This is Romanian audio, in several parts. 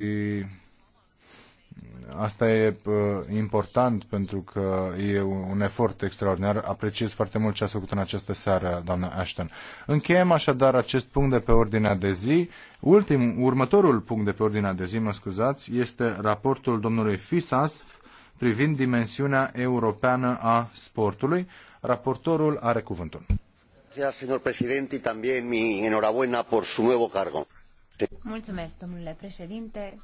Și asta e important pentru că e un efort extraordinar. Apreciez foarte mult ce ați făcut în această seară, doamna Ashton. Încheiem așadar acest punct de pe ordinea de zi. Ultim, următorul punct de pe ordinea de zi, mă scuzați, este raportul domnului Fisas privind dimensiunea europeană a sportului. Raportorul are cuvântul. Gracias, señor presidente, y también mi enhorabuena por su nuevo cargo. Mulțumesc, domnule președinte,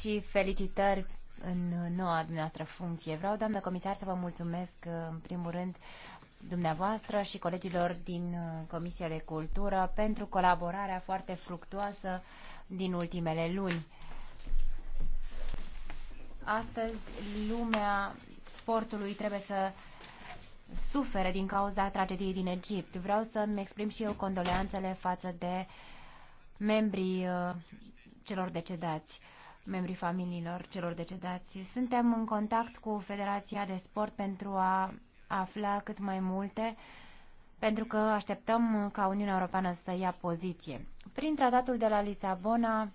și felicitări în noua dumneavoastră funcție. Vreau, doamnă comisar, să vă mulțumesc în primul rând dumneavoastră și colegilor din uh, Comisia de Cultură pentru colaborarea foarte fructuoasă din ultimele luni. Astăzi, lumea sportului trebuie să suferă din cauza tragediei din Egipt. Vreau să-mi exprim și eu condoleanțele față de membrii uh, celor decedați, membrii familiilor celor decedați. Suntem în contact cu Federația de Sport pentru a afla cât mai multe pentru că așteptăm ca Uniunea Europeană să ia poziție. Prin tratatul de la Lisabona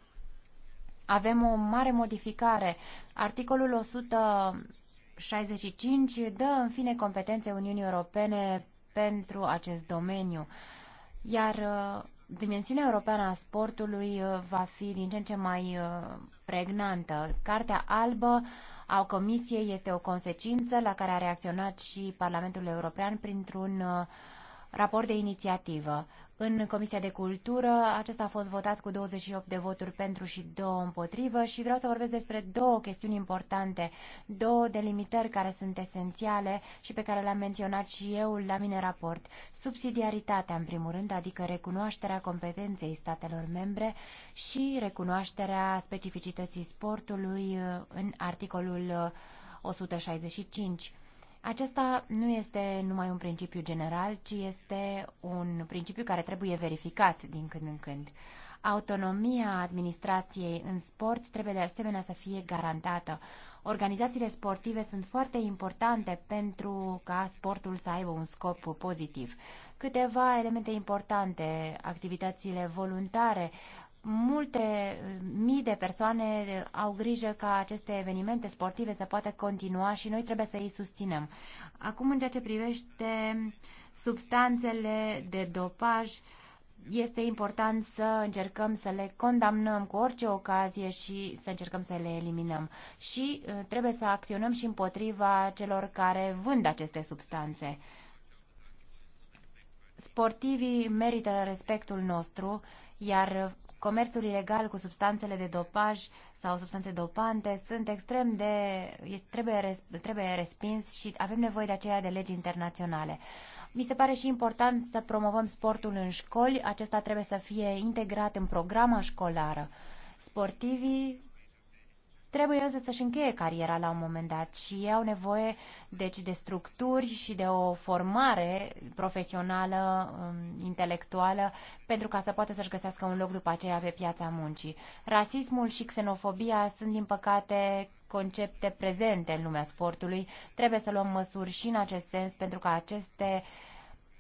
avem o mare modificare. Articolul 100 65 dă în fine competențe Uniunii Europene pentru acest domeniu. Iar uh, dimensiunea europeană a sportului uh, va fi din ce în ce mai uh, pregnantă. Cartea albă a Comisiei este o consecință la care a reacționat și Parlamentul European printr-un uh, raport de inițiativă. În Comisia de Cultură acesta a fost votat cu 28 de voturi pentru și două împotrivă și vreau să vorbesc despre două chestiuni importante, două delimitări care sunt esențiale și pe care le-am menționat și eu la mine raport. Subsidiaritatea, în primul rând, adică recunoașterea competenței statelor membre și recunoașterea specificității sportului uh, în articolul 165. Uh, acesta nu este numai un principiu general, ci este un principiu care trebuie verificat din când în când. Autonomia administrației în sport trebuie de asemenea să fie garantată. Organizațiile sportive sunt foarte importante pentru ca sportul să aibă un scop pozitiv. Câteva elemente importante, activitățile voluntare, multe mii de persoane au grijă ca aceste evenimente sportive să poată continua și noi trebuie să îi susținem. Acum, în ceea ce privește substanțele de dopaj, este important să încercăm să le condamnăm cu orice ocazie și să încercăm să le eliminăm. Și uh, trebuie să acționăm și împotriva celor care vând aceste substanțe. Sportivii merită respectul nostru, iar Comerțul ilegal cu substanțele de dopaj sau substanțe dopante sunt extrem de... trebuie, trebuie respins și avem nevoie de aceea de legi internaționale. Mi se pare și important să promovăm sportul în școli. Acesta trebuie să fie integrat în programa școlară. Sportivii trebuie însă să-și încheie cariera la un moment dat și ei au nevoie deci de structuri și de o formare profesională, um, intelectuală, pentru ca să poată să-și găsească un loc după aceea pe piața muncii. Rasismul și xenofobia sunt, din păcate, concepte prezente în lumea sportului. Trebuie să luăm măsuri și în acest sens pentru ca aceste uh,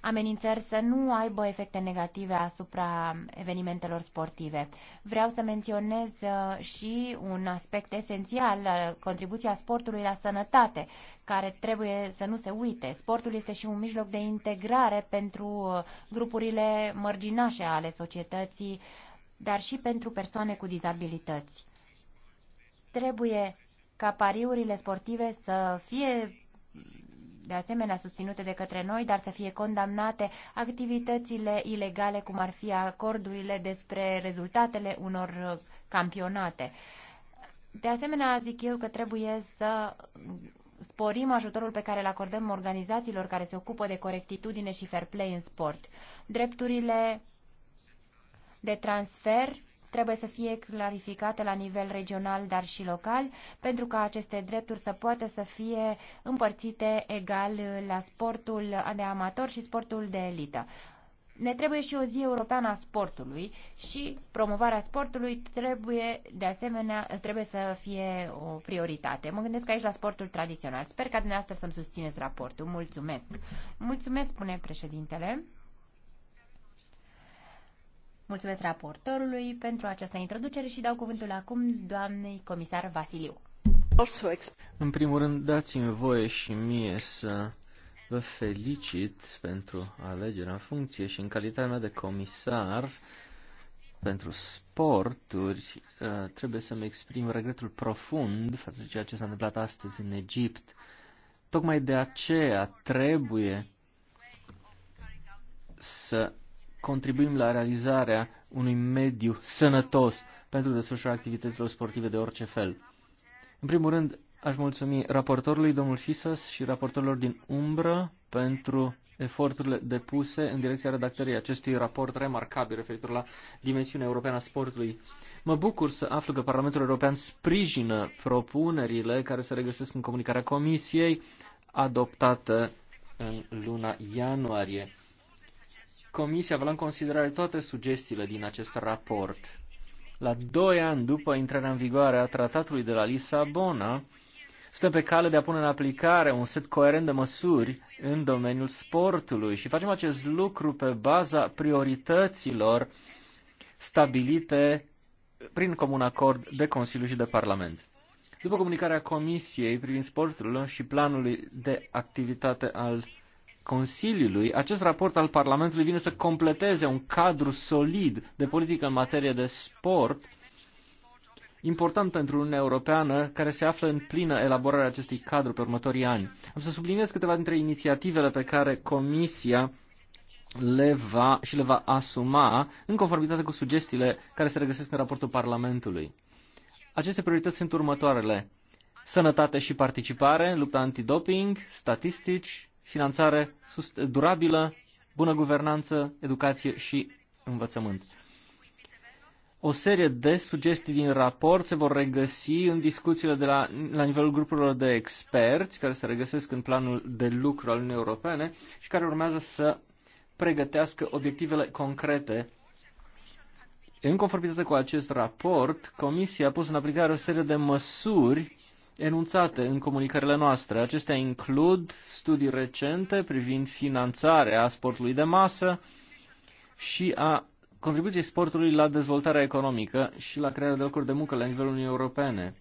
amenințări să nu aibă efecte negative asupra evenimentelor sportive. Vreau să menționez uh, și un aspect esențial, uh, contribuția sportului la sănătate, care trebuie să nu se uite. Sportul este și un mijloc de integrare pentru uh, grupurile mărginașe ale societății, dar și pentru persoane cu dizabilități. Trebuie ca pariurile sportive să fie de asemenea susținute de către noi, dar să fie condamnate activitățile ilegale, cum ar fi acordurile despre rezultatele unor uh, campionate. De asemenea, zic eu că trebuie să sporim ajutorul pe care îl acordăm organizațiilor care se ocupă de corectitudine și fair play în sport. Drepturile de transfer trebuie să fie clarificate la nivel regional, dar și local, pentru ca aceste drepturi să poată să fie împărțite egal la sportul de amator și sportul de elită. Ne trebuie și o zi europeană a sportului și promovarea sportului trebuie, de asemenea, trebuie să fie o prioritate. Mă gândesc aici la sportul tradițional. Sper ca dumneavoastră să-mi susțineți raportul. Mulțumesc! Mulțumesc, spune președintele. Mulțumesc raportorului pentru această introducere și dau cuvântul acum doamnei comisar Vasiliu. În primul rând, dați-mi voie și mie să vă felicit pentru alegerea în funcție și în calitatea mea de comisar pentru sporturi, uh, trebuie să-mi exprim regretul profund față de ceea ce s-a întâmplat astăzi în Egipt. Tocmai de aceea trebuie să contribuim la realizarea unui mediu sănătos pentru desfășurarea activităților sportive de orice fel. În primul rând, aș mulțumi raportorului, domnul Fisas, și raportorilor din umbră pentru eforturile depuse în direcția redactării acestui raport remarcabil referitor la dimensiunea europeană a sportului. Mă bucur să aflu că Parlamentul European sprijină propunerile care se regăsesc în comunicarea Comisiei adoptată în luna ianuarie. Comisia va lua în considerare toate sugestiile din acest raport. La doi ani după intrarea în vigoare a tratatului de la Lisabona, suntem pe cale de a pune în aplicare un set coerent de măsuri în domeniul sportului și facem acest lucru pe baza priorităților stabilite prin comun acord de Consiliu și de Parlament. După comunicarea Comisiei privind sportul și planului de activitate al Consiliului, acest raport al Parlamentului vine să completeze un cadru solid de politică în materie de sport, important pentru Uniunea Europeană, care se află în plină elaborare a acestui cadru pe următorii ani. Am să subliniez câteva dintre inițiativele pe care Comisia le va și le va asuma în conformitate cu sugestiile care se regăsesc în raportul Parlamentului. Aceste priorități sunt următoarele. Sănătate și participare, lupta antidoping, statistici, finanțare durabilă, bună guvernanță, educație și învățământ. O serie de sugestii din raport se vor regăsi în discuțiile de la, la nivelul grupurilor de experți, care se regăsesc în planul de lucru al Uniunii Europene și care urmează să pregătească obiectivele concrete. În conformitate cu acest raport, Comisia a pus în aplicare o serie de măsuri enunțate în comunicările noastre. Acestea includ studii recente privind finanțarea sportului de masă și a contribuției sportului la dezvoltarea economică și la crearea de locuri de muncă la nivelul Uniunii Europene.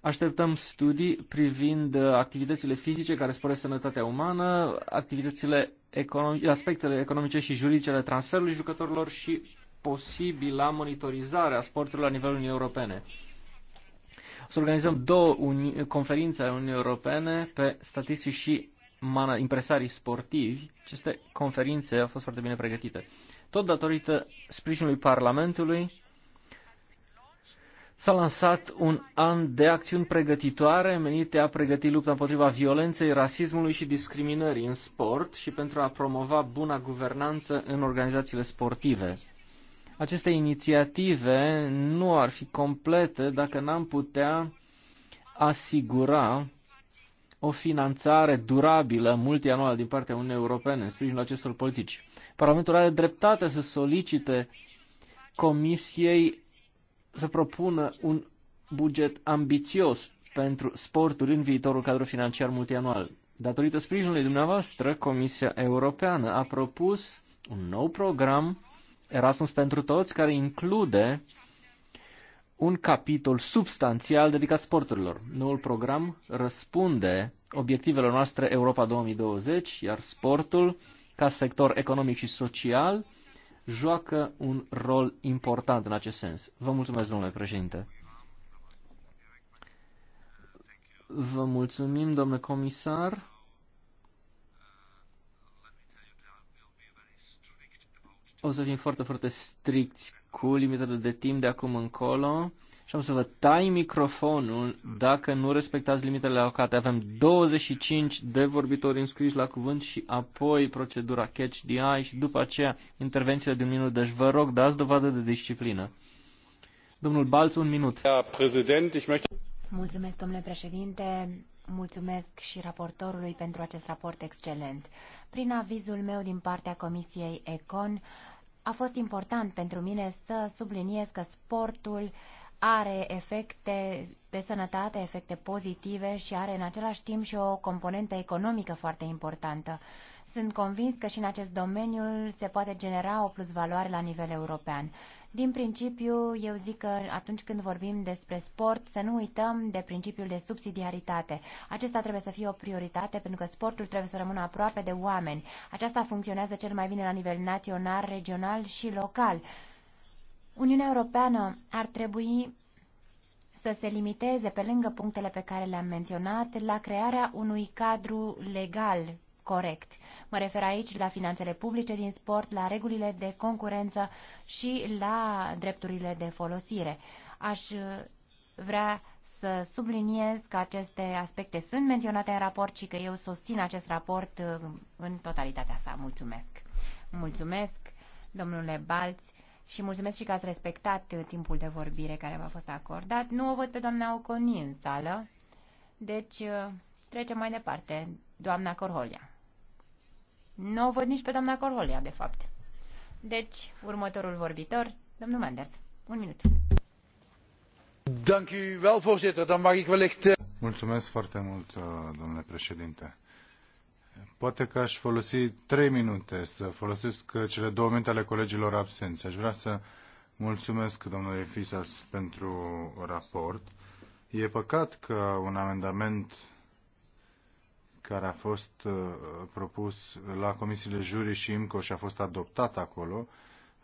Așteptăm studii privind uh, activitățile fizice care sporesc sănătatea umană, activitățile economi- aspectele economice și juridice ale transferului jucătorilor și posibila monitorizare a sportului la nivelul Uniunii Europene să organizăm două conferințe ale Uniunii Europene pe statistici și impresarii sportivi. Aceste conferințe au fost foarte bine pregătite. Tot datorită sprijinului Parlamentului, s-a lansat un an de acțiuni pregătitoare menite a pregăti lupta împotriva violenței, rasismului și discriminării în sport și pentru a promova buna guvernanță în organizațiile sportive. Aceste inițiative nu ar fi complete dacă n-am putea asigura o finanțare durabilă, multianuală, din partea Uniunii Europene în sprijinul acestor politici. Parlamentul are dreptate să solicite Comisiei să propună un buget ambițios pentru sporturi în viitorul cadru financiar multianual. Datorită sprijinului dumneavoastră, Comisia Europeană a propus un nou program Erasmus pentru toți, care include un capitol substanțial dedicat sporturilor. Noul program răspunde obiectivelor noastre Europa 2020, iar sportul, ca sector economic și social, joacă un rol important în acest sens. Vă mulțumesc, domnule președinte. Vă mulțumim, domnule comisar. o să fim foarte, foarte stricți cu limitele de timp de acum încolo și am să vă tai microfonul dacă nu respectați limitele alocate. Avem 25 de vorbitori înscriși la cuvânt și apoi procedura catch the eye și după aceea intervenția de un minut. Deci vă rog, dați dovadă de disciplină. Domnul Balț, un minut. Mulțumesc, domnule președinte. Mulțumesc și raportorului pentru acest raport excelent. Prin avizul meu din partea Comisiei Econ, a fost important pentru mine să subliniez că sportul are efecte pe sănătate, efecte pozitive și are în același timp și o componentă economică foarte importantă. Sunt convins că și în acest domeniu se poate genera o plusvaloare la nivel european. Din principiu, eu zic că atunci când vorbim despre sport, să nu uităm de principiul de subsidiaritate. Acesta trebuie să fie o prioritate pentru că sportul trebuie să rămână aproape de oameni. Aceasta funcționează cel mai bine la nivel național, regional și local. Uniunea Europeană ar trebui să se limiteze, pe lângă punctele pe care le-am menționat, la crearea unui cadru legal corect. Mă refer aici la finanțele publice din sport, la regulile de concurență și la drepturile de folosire. Aș uh, vrea să subliniez că aceste aspecte sunt menționate în raport și că eu susțin acest raport uh, în totalitatea sa. Mulțumesc! Mulțumesc, domnule Balți, și mulțumesc și că ați respectat uh, timpul de vorbire care v-a fost acordat. Nu o văd pe doamna Oconi în sală, deci trecem mai departe. Doamna Corholia. Nu o văd nici pe doamna Corolia, de fapt. Deci, următorul vorbitor, domnul Manders. Un minut. Dank u wel, voorzitter. Dan mag ik wellicht... Eh, mulțumesc foarte mult, eh, domnule președinte. Poate că aș folosi trei minute să folosesc eh, cele două minute ale colegilor absenți. Aș vrea să mulțumesc domnului Fisas pentru raport. E păcat că un amendament care a fost uh, propus la comisiile juri și IMCO și a fost adoptat acolo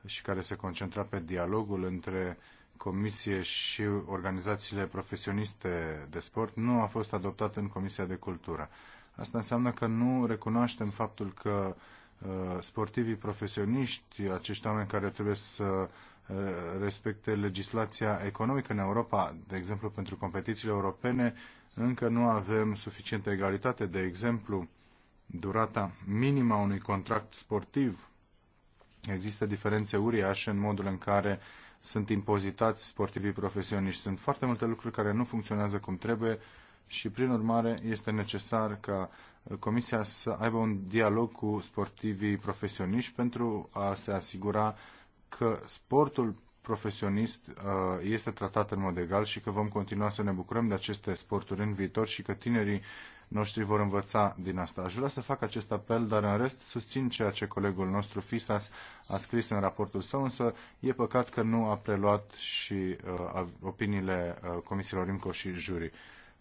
și care se concentra pe dialogul între comisie și organizațiile profesioniste de sport nu a fost adoptat în Comisia de Cultură. Asta înseamnă că nu recunoaștem faptul că uh, sportivii profesioniști, acești oameni care trebuie să Uh, respecte legislația economică în Europa. De exemplu, pentru competițiile europene încă nu avem suficientă egalitate. De exemplu, durata minimă a unui contract sportiv. Există diferențe uriașe în modul în care sunt impozitați sportivii profesioniști. Sunt foarte multe lucruri care nu funcționează cum trebuie și, prin urmare, este necesar ca Comisia să aibă un dialog cu sportivii profesioniști pentru a se asigura că sportul profesionist uh, este tratat în mod egal și că vom continua să ne bucurăm de aceste sporturi în viitor și că tinerii noștri vor învăța din asta. Aș vrea să fac acest apel, dar în rest susțin ceea ce colegul nostru Fisas a scris în raportul său, însă e păcat că nu a preluat și uh, opiniile uh, comisiilor Rimco și juri.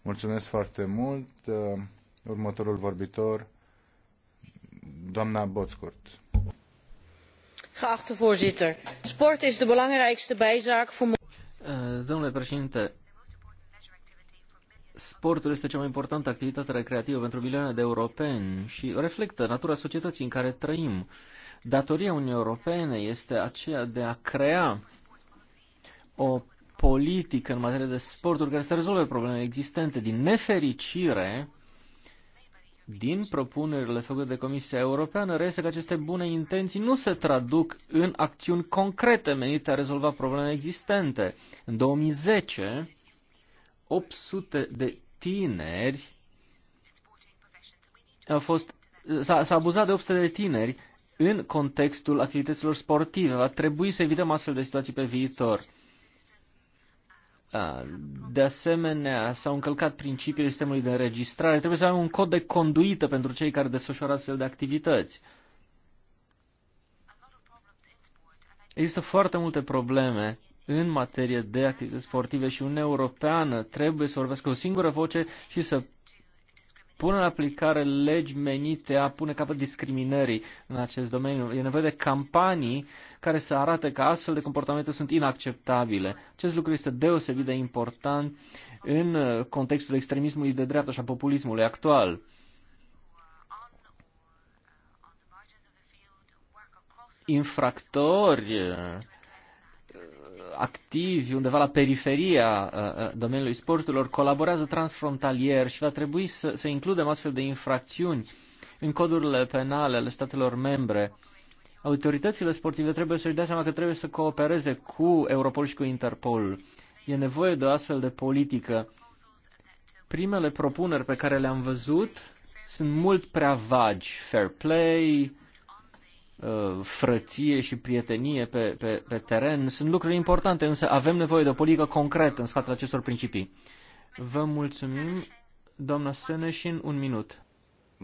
Mulțumesc foarte mult. Uh, următorul vorbitor, doamna Boțcurt geachte voorzitter. Sport is de belangrijkste bijzaak voor... Eh, domnule președinte, sportul este cea mai importantă activitate recreativă pentru milioane de europeni și reflectă natura societății în care trăim. Datoria Uniunii Europene este aceea de a crea o politică în materie de sporturi care să rezolve problemele existente. Din nefericire, din propunerile făcute de Comisia Europeană reiese că aceste bune intenții nu se traduc în acțiuni concrete menite a rezolva probleme existente. În 2010, 800 de tineri au fost, s-a, abuzat de 800 de tineri în contextul activităților sportive. Va trebui să evităm astfel de situații pe viitor. Da, de asemenea, s-au încălcat principiile sistemului de înregistrare. Trebuie să avem un cod de conduită pentru cei care desfășoară astfel de activități. Există foarte multe probleme în materie de activități sportive și Uniunea Europeană trebuie să vorbească o singură voce și să pună în aplicare legi menite a pune capăt discriminării în acest domeniu. E nevoie de campanii uh, care să arate că astfel de comportamente sunt inacceptabile. Acest lucru este deosebit de important în uh, contextul extremismului de dreapta și a populismului actual. Infractori uh, activi undeva la periferia uh, domeniului sporturilor colaborează transfrontalier și va trebui să, să includem astfel de infracțiuni în codurile penale ale statelor membre autoritățile sportive trebuie să-și dea seama că trebuie să coopereze cu Europol și cu Interpol. E nevoie de o astfel de politică. Primele propuneri pe care le-am văzut sunt mult prea vagi. Fair play, uh, frăție și prietenie pe, pe, pe teren sunt lucruri importante, însă avem nevoie de o politică concretă în spatele acestor principii. Vă mulțumim, doamna Seneșin, un minut.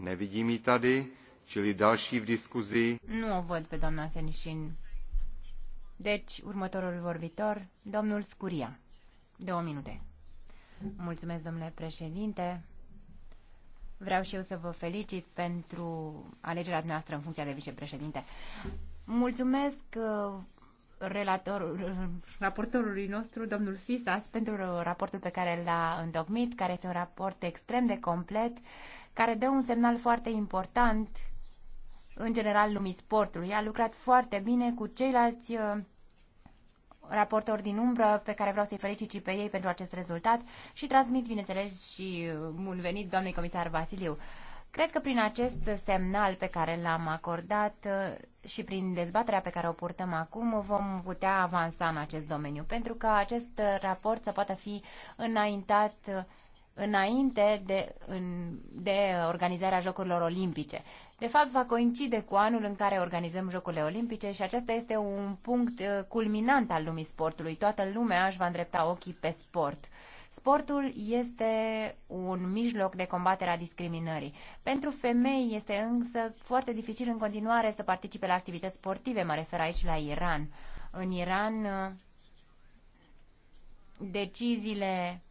Nevidím ji tady čili další v diskuzi. Nu o văd pe doamna Senișin. Deci, următorul vorbitor, domnul Scuria. Două minute. Mulțumesc, domnule președinte. Vreau și eu să vă felicit pentru alegerea noastră în funcția de vicepreședinte. Mulțumesc uh, relator, raportorului nostru, domnul Fisas, pentru raportul pe care l-a întocmit, care este un raport extrem de complet care dă un semnal foarte important în general lumii sportului. A lucrat foarte bine cu ceilalți uh, raportori din umbră pe care vreau să-i felicit și pe ei pentru acest rezultat și transmit, bineînțeles, și uh, bun venit doamnei comisar Vasiliu. Cred că prin acest semnal pe care l-am acordat uh, și prin dezbaterea pe care o purtăm acum vom putea avansa în acest domeniu, pentru că acest raport să poată fi înaintat înainte de, în, de organizarea Jocurilor Olimpice. De fapt, va coincide cu anul în care organizăm Jocurile Olimpice și acesta este un punct uh, culminant al lumii sportului. Toată lumea își va îndrepta ochii pe sport. Sportul este un mijloc de combatere a discriminării. Pentru femei este însă foarte dificil în continuare să participe la activități sportive, mă refer aici la Iran. În Iran, uh, deciziile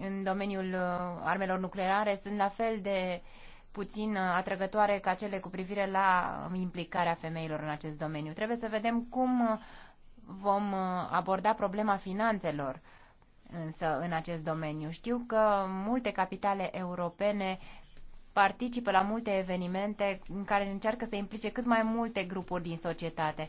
în domeniul uh, armelor nucleare sunt la fel de puțin uh, atrăgătoare ca cele cu privire la implicarea femeilor în acest domeniu. Trebuie să vedem cum uh, vom aborda problema finanțelor însă în acest domeniu. Știu că multe capitale europene participă la multe evenimente în care încearcă să implice cât mai multe grupuri din societate.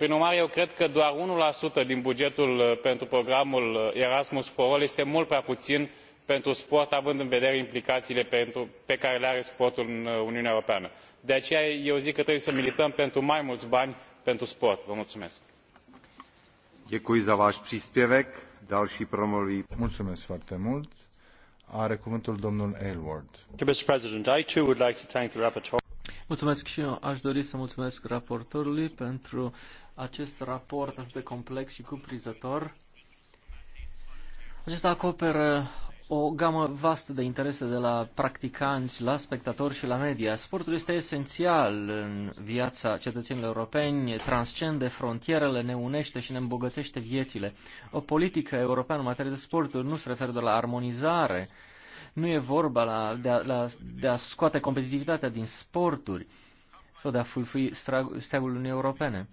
prin urmare eu cred că doar unu din bugetul uh, pentru programul uh, erasmus for all este mult prea puin pentru sport având în vedere implicaiile pe care le are sportul în uh, uniunea europeană. de aceea eu zic că trebuie să milităm pentru mai muli bani pentru sport. Vă mulțumesc. Mulțumesc foarte mult. domnul Mulțumesc și eu. Aș dori să mulțumesc raportorului pentru acest raport atât de complex și cuprizător. Acesta acoperă o gamă vastă de interese de la practicanți, la spectatori și la media. Sportul este esențial în viața cetățenilor europeni, transcende frontierele, ne unește și ne îmbogățește viețile. O politică europeană în materie de sporturi nu se referă doar la armonizare nu e vorba la, de, a, la, de a scoate competitivitatea din sporturi sau de a fulfui steagul Uniunii Europene.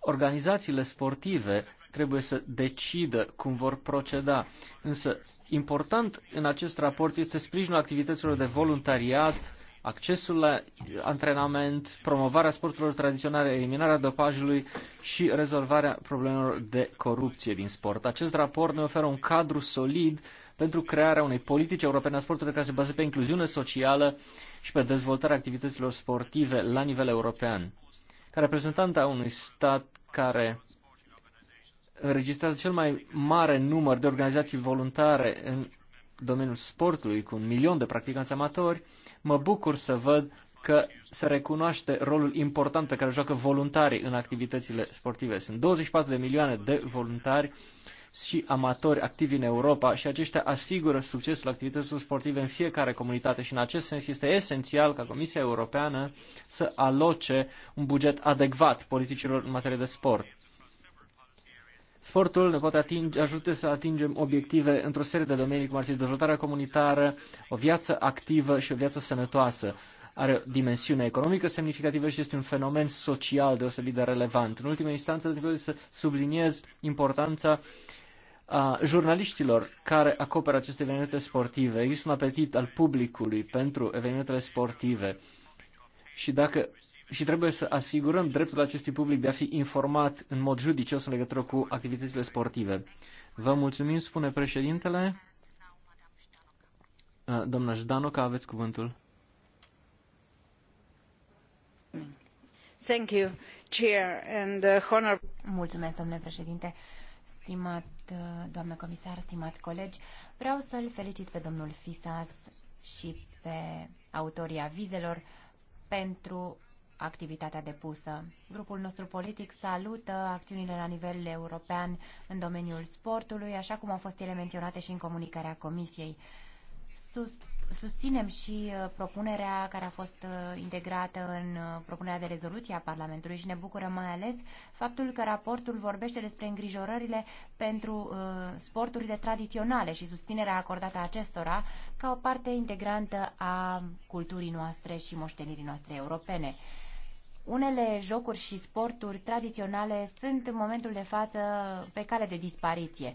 Organizațiile sportive trebuie să decidă cum vor proceda. Însă, important în acest raport este sprijinul activităților de voluntariat, accesul la antrenament, promovarea sporturilor tradiționale, eliminarea dopajului și rezolvarea problemelor de corupție din sport. Acest raport ne oferă un cadru solid pentru crearea unei politici europene a sportului care se bazează pe incluziune socială și pe dezvoltarea activităților sportive la nivel european. Ca reprezentant a unui stat care înregistrează cel mai mare număr de organizații voluntare în domeniul sportului, cu un milion de practicanți amatori, mă bucur să văd că se recunoaște rolul important pe care joacă voluntarii în activitățile sportive. Sunt 24 de milioane de voluntari și amatori activi în Europa și aceștia asigură succesul activităților sportive în fiecare comunitate și în acest sens este esențial ca Comisia Europeană să aloce un buget adecvat politicilor în materie de sport. Sportul ne poate atinge, ajute să atingem obiective într-o serie de domenii, cum ar fi dezvoltarea comunitară, o viață activă și o viață sănătoasă. Are o dimensiune economică semnificativă și este un fenomen social deosebit de relevant. În ultima instanță, trebuie să subliniez importanța uh, a jurnaliștilor care acoperă aceste evenimente sportive. Există un apetit al publicului pentru evenimentele sportive și dacă și trebuie să asigurăm dreptul acestui public de a fi informat în mod judicios în legătură cu activitățile sportive. Vă mulțumim, spune președintele. Doamna Jdanoca, aveți cuvântul. Thank you, Chair and uh, Honor. Mulțumesc, domnule președinte. Stimat doamnă comisar, stimați colegi, vreau să-l felicit pe domnul Fisas și pe autorii avizelor pentru activitatea depusă. Grupul nostru politic salută acțiunile la nivel european în domeniul sportului, așa cum au fost ele menționate și în comunicarea Comisiei. Sus susținem și uh, propunerea care a fost uh, integrată în uh, propunerea de rezoluție a Parlamentului și ne bucură mai ales faptul că raportul vorbește despre îngrijorările pentru sporturile tradiționale și susținerea acordată acestora ca o parte integrantă a culturii noastre și moștenirii noastre europene. Unele jocuri și sporturi tradiționale sunt în momentul de față pe cale de dispariție.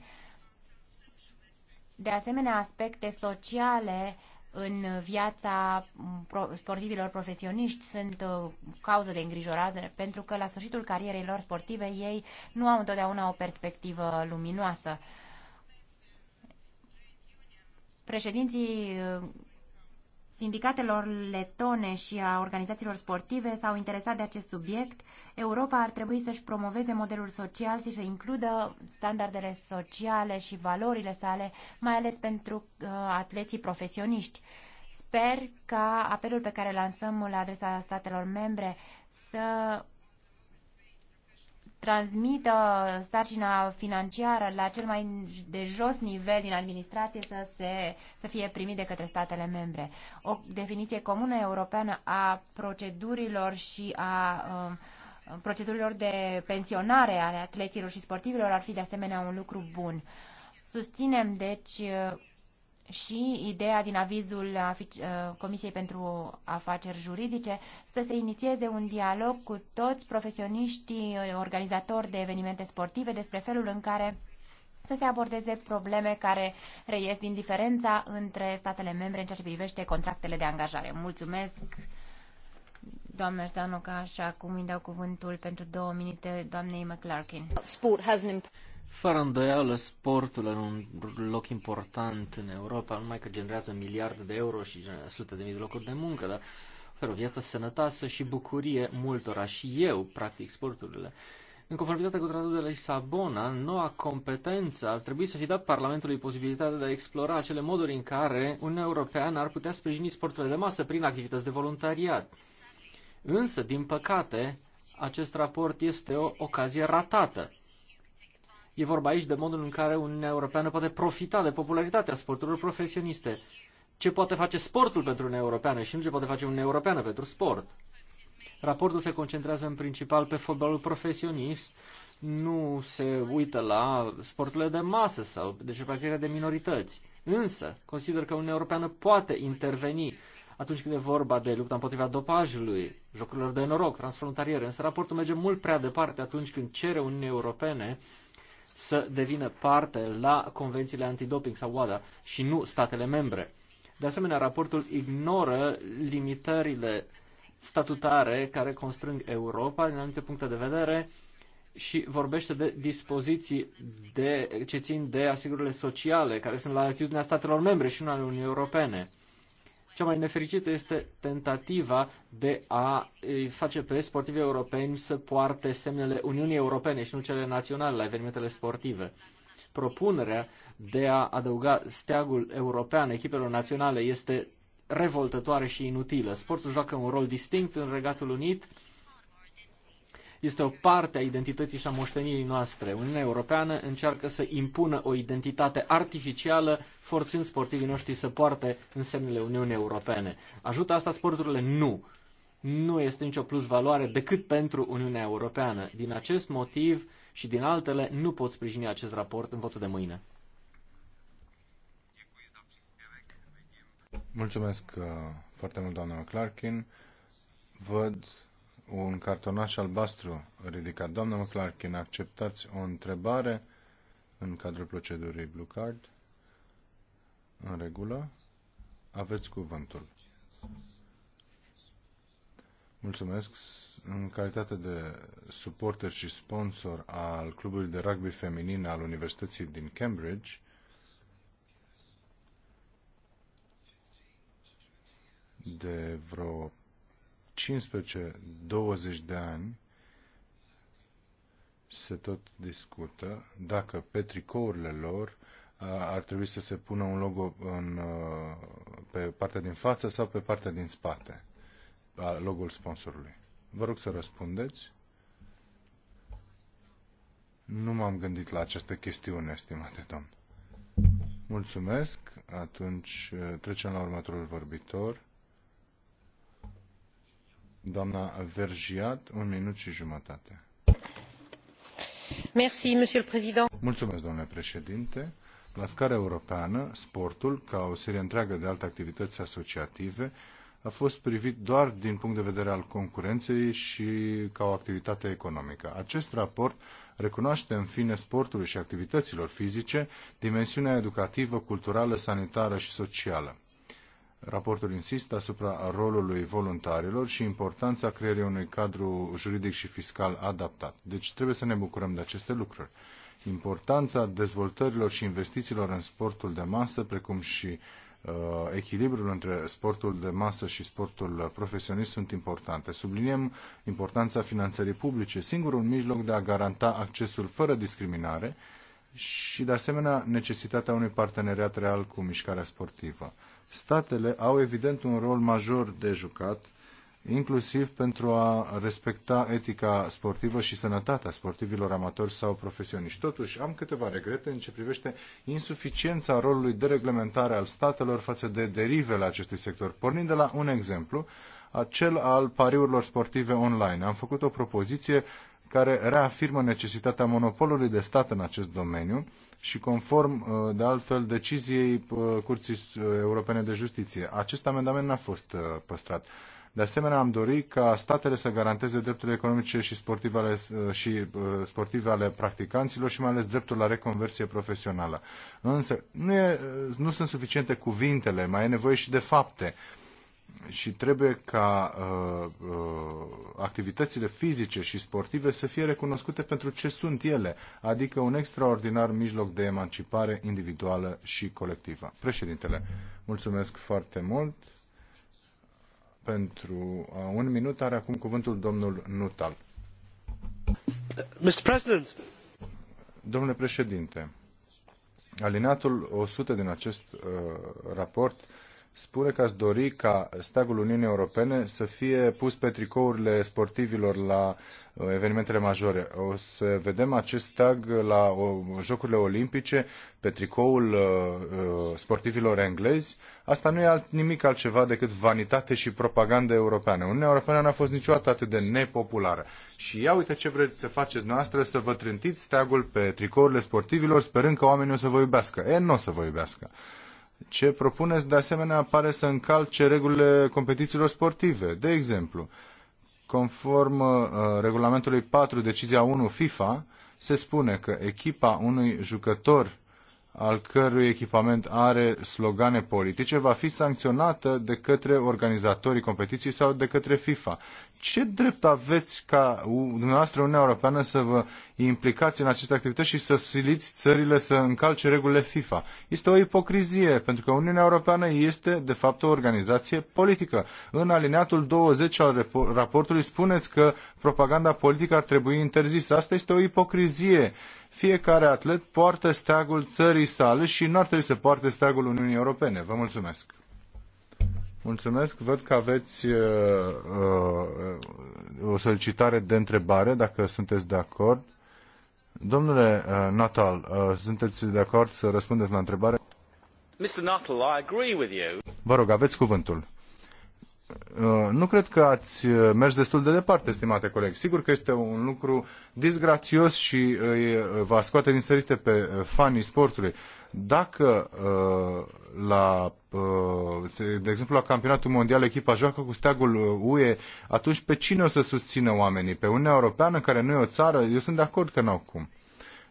De asemenea, aspecte sociale uh, în viața mm, sportivilor profesioniști sunt uh, cauză de îngrijorare pentru că la sfârșitul carierei lor sportive ei nu au întotdeauna o perspectivă luminoasă. Președinții uh, sindicatelor letone și a organizațiilor sportive s-au interesat de acest subiect Europa ar trebui să-și promoveze modelul social și să includă standardele sociale și valorile sale, mai ales pentru uh, atleții profesioniști. Sper ca apelul pe care lansăm la adresa statelor membre să transmită sarcina financiară la cel mai de jos nivel din administrație să, se, să fie primit de către statele membre. O definiție comună europeană a procedurilor și a uh, procedurilor de pensionare ale atleților și sportivilor ar fi de asemenea un lucru bun. Susținem, deci, uh, și ideea din avizul uh, Comisiei pentru Afaceri Juridice să se inițieze un dialog cu toți profesioniștii uh, organizatori de evenimente sportive despre felul în care să se abordeze probleme care reies din diferența între statele membre în ceea ce privește contractele de angajare. Mulțumesc! doamna Ștanoca, așa cum îi dau cuvântul pentru două minute doamnei McClarkin. Sport has an fără îndoială, sportul are un loc important în Europa, numai că generează miliarde de euro și sute de mii de locuri de muncă, dar oferă o viață sănătoasă și bucurie multora și eu practic sporturile. În conformitate cu tratatul de la Lisabona, noua competență ar trebui să fi dat Parlamentului posibilitatea de a explora acele moduri în care Uniunea Europeană ar putea sprijini sporturile de masă prin activități de voluntariat. Însă, din păcate, acest raport este o ocazie ratată. E vorba aici de modul în care Uniunea Europeană poate profita de popularitatea sporturilor profesioniste. Ce poate face sportul pentru Uniunea Europeană și nu ce poate face Uniunea Europeană pentru sport. Raportul se concentrează în principal pe fotbalul profesionist, nu se uită la sporturile de masă sau de deci, deșertarea de minorități. Însă, consider că Uniunea Europeană poate interveni atunci când e vorba de lupta împotriva dopajului, jocurilor de noroc, transfrontariere. Însă raportul merge mult prea departe atunci când cere Uniunii Europene să devină parte la convențiile antidoping sau WADA și nu statele membre. De asemenea, raportul ignoră limitările statutare care constrâng Europa din anumite puncte de vedere și vorbește de dispoziții de, ce țin de asigurările sociale, care sunt la atitudinea statelor membre și nu ale Uniunii Europene. Cea mai nefericită este tentativa de a face pe sportivi europeni să poarte semnele Uniunii Europene și nu cele naționale la evenimentele sportive. Propunerea de a adăuga steagul european echipelor naționale este revoltătoare și inutilă. Sportul joacă un rol distinct în Regatul Unit este o parte a identității și a moștenirii noastre. Uniunea Europeană încearcă să impună o identitate artificială, forțând sportivii noștri să poarte însemnele Uniunii Europene. Ajută asta sporturile? Nu. Nu este nicio plus valoare decât pentru Uniunea Europeană. Din acest motiv și din altele, nu pot sprijini acest raport în votul de mâine. Mulțumesc uh, foarte mult, doamna Clarkin. Văd un cartonaș albastru ridicat. Doamna McClarkin, acceptați o întrebare în cadrul procedurii Blue Card? În regulă? Aveți cuvântul. Mulțumesc. În calitate de suporter și sponsor al clubului de rugby feminin al Universității din Cambridge, de vreo de ani se tot discută dacă pe tricourile lor uh, ar trebui să se pună un logo în, uh, pe partea din față sau pe partea din spate, uh, logo-ul sponsorului. Vă rog să răspundeți. Nu m-am gândit la această chestiune, estimate domn. Mulțumesc. Atunci trecem la următorul vorbitor. Doamna Vergiat, un minut și jumătate. Merci, monsieur le président. Mulțumesc, domnule președinte. La scară europeană, sportul, ca o serie întreagă de alte activități asociative, a fost privit doar din punct de vedere al concurenței și ca o activitate economică. Acest raport recunoaște în fine sportului și activităților fizice dimensiunea educativă, culturală, sanitară și socială. Raportul insistă asupra rolului voluntarilor și importanța creării unui cadru juridic și fiscal adaptat. Deci trebuie să ne bucurăm de aceste lucruri. Importanța dezvoltărilor și investițiilor în sportul de masă, precum și uh, echilibrul între sportul de masă și sportul profesionist sunt importante. Subliniem importanța finanțării publice, singurul mijloc de a garanta accesul fără discriminare și, de asemenea, necesitatea unui parteneriat real cu mișcarea sportivă statele au evident un rol major de jucat, inclusiv pentru a respecta etica sportivă și sănătatea sportivilor amatori sau profesioniști. Totuși, am câteva regrete în ce privește insuficiența rolului de reglementare al statelor față de derivele acestui sector. Pornind de la un exemplu, acel al pariurilor sportive online. Am făcut o propoziție care reafirmă necesitatea monopolului de stat în acest domeniu, și conform, uh, de altfel, deciziei uh, Curții uh, Europene de Justiție. Acest amendament n-a fost păstrat. De asemenea, am dorit ca statele să garanteze drepturile economice și sportive ale, și sportive ale practicanților și mai ales dreptul la reconversie profesională. Însă, nu, e, nu sunt suficiente cuvintele, mai e nevoie și de fapte. Uh, și trebuie ca uh, uh, activitățile fizice și sportive să fie recunoscute pentru ce sunt ele, adică un extraordinar mijloc de emancipare individuală și colectivă. Președintele, mulțumesc foarte mult. Pentru uh, un minut are acum cuvântul domnul Nutal. Mr. President. Domnule președinte, alineatul 100 din acest uh, raport uh, spune că ați dori ca steagul Uniunii Europene să fie pus pe tricourile sportivilor la uh, evenimentele majore. O să vedem acest steag la Jocurile Olimpice pe tricoul uh, uh, sportivilor englezi. Asta nu e alt, nimic altceva decât vanitate și propagandă europeană. Uniunea Europeană n-a fost niciodată atât de nepopulară. Și ia uite ce vreți să faceți noastră, să vă trântiți steagul pe tricourile sportivilor sperând că oamenii o să vă iubească. E, nu o să vă iubească. Ce propuneți, de asemenea, pare să încalce regulile competițiilor sportive. De exemplu, conform uh, regulamentului 4, decizia 1 FIFA, se spune că echipa unui jucător al cărui echipament are slogane politice va fi sancționată de către organizatorii competiției sau de către FIFA ce drept aveți ca dumneavoastră Uniunea Europeană să vă implicați în aceste activități și să siliți țările să încalce regulile FIFA? Este o ipocrizie, pentru că Uniunea Europeană este, de fapt, o organizație politică. În alineatul 20 al raportului spuneți că propaganda politică ar trebui interzisă. Asta este o ipocrizie. Fiecare atlet poartă steagul țării sale și nu ar trebui să poarte steagul Uniunii Europene. Vă mulțumesc! Mulțumesc. Văd că aveți uh, uh, o solicitare de întrebare, dacă sunteți de acord. Domnule uh, Natal, uh, sunteți de acord să răspundeți la întrebare? Mr. Nuttall, I agree with you. Vă rog, aveți cuvântul. Uh, nu cred că ați uh, mers destul de departe, stimate coleg. Sigur că este un lucru disgrațios și îi uh, va scoate din sărite pe fanii sportului. Dacă, uh, la, uh, de exemplu, la campionatul mondial echipa joacă cu steagul UE, uh, atunci pe cine o să susțină oamenii? Pe Uniunea Europeană, care nu e o țară? Eu sunt de acord că n-au cum.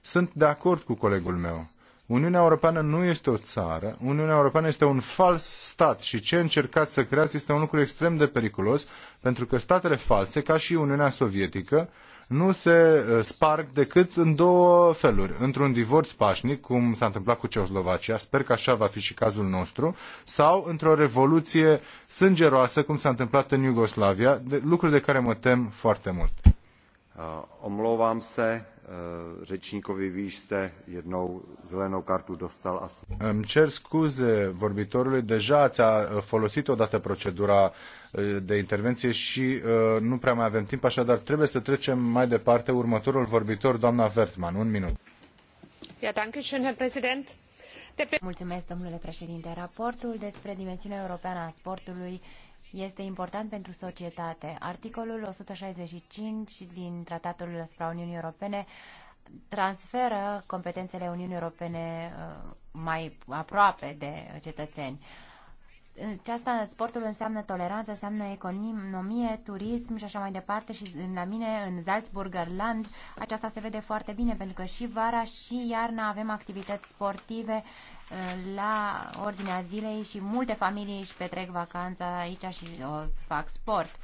Sunt de acord cu colegul meu. Uniunea Europeană nu este o țară, Uniunea Europeană este un fals stat și ce încercați să creați este un lucru extrem de periculos, pentru că statele false, ca și Uniunea Sovietică, nu se uh, sparg decât în două feluri. Într-un divorț pașnic, cum s-a întâmplat cu Ceoslovacia, sper că așa va fi și cazul nostru, sau într-o revoluție sângeroasă, cum s-a întâmplat în Iugoslavia, de, lucruri de care mă tem foarte mult. Uh, omlouvám se, Eh, řečníkovi, vy jste jednou zelenou kartu dostal. A... Îmi cer scuze vorbitorului, deja ți-a folosit odată procedura eh, de intervenție și eh, nu prea mai avem timp, așadar trebuie să trecem mai departe. Următorul vorbitor, doamna Vertman, un minut. Ja, danke schön, Herr Präsident. Mulțumesc, domnule președinte. Raportul despre dimensiunea europeană a sportului este important pentru societate. Articolul 165 din Tratatul asupra Uniunii Europene transferă competențele Uniunii Europene uh, mai aproape de cetățeni. Aceasta, sportul înseamnă toleranță, înseamnă economie, turism și așa mai departe și la mine în Salzburger Land, aceasta se vede foarte bine pentru că și vara și iarna avem activități sportive la ordinea zilei și multe familii își petrec vacanța aici și uh, fac sport.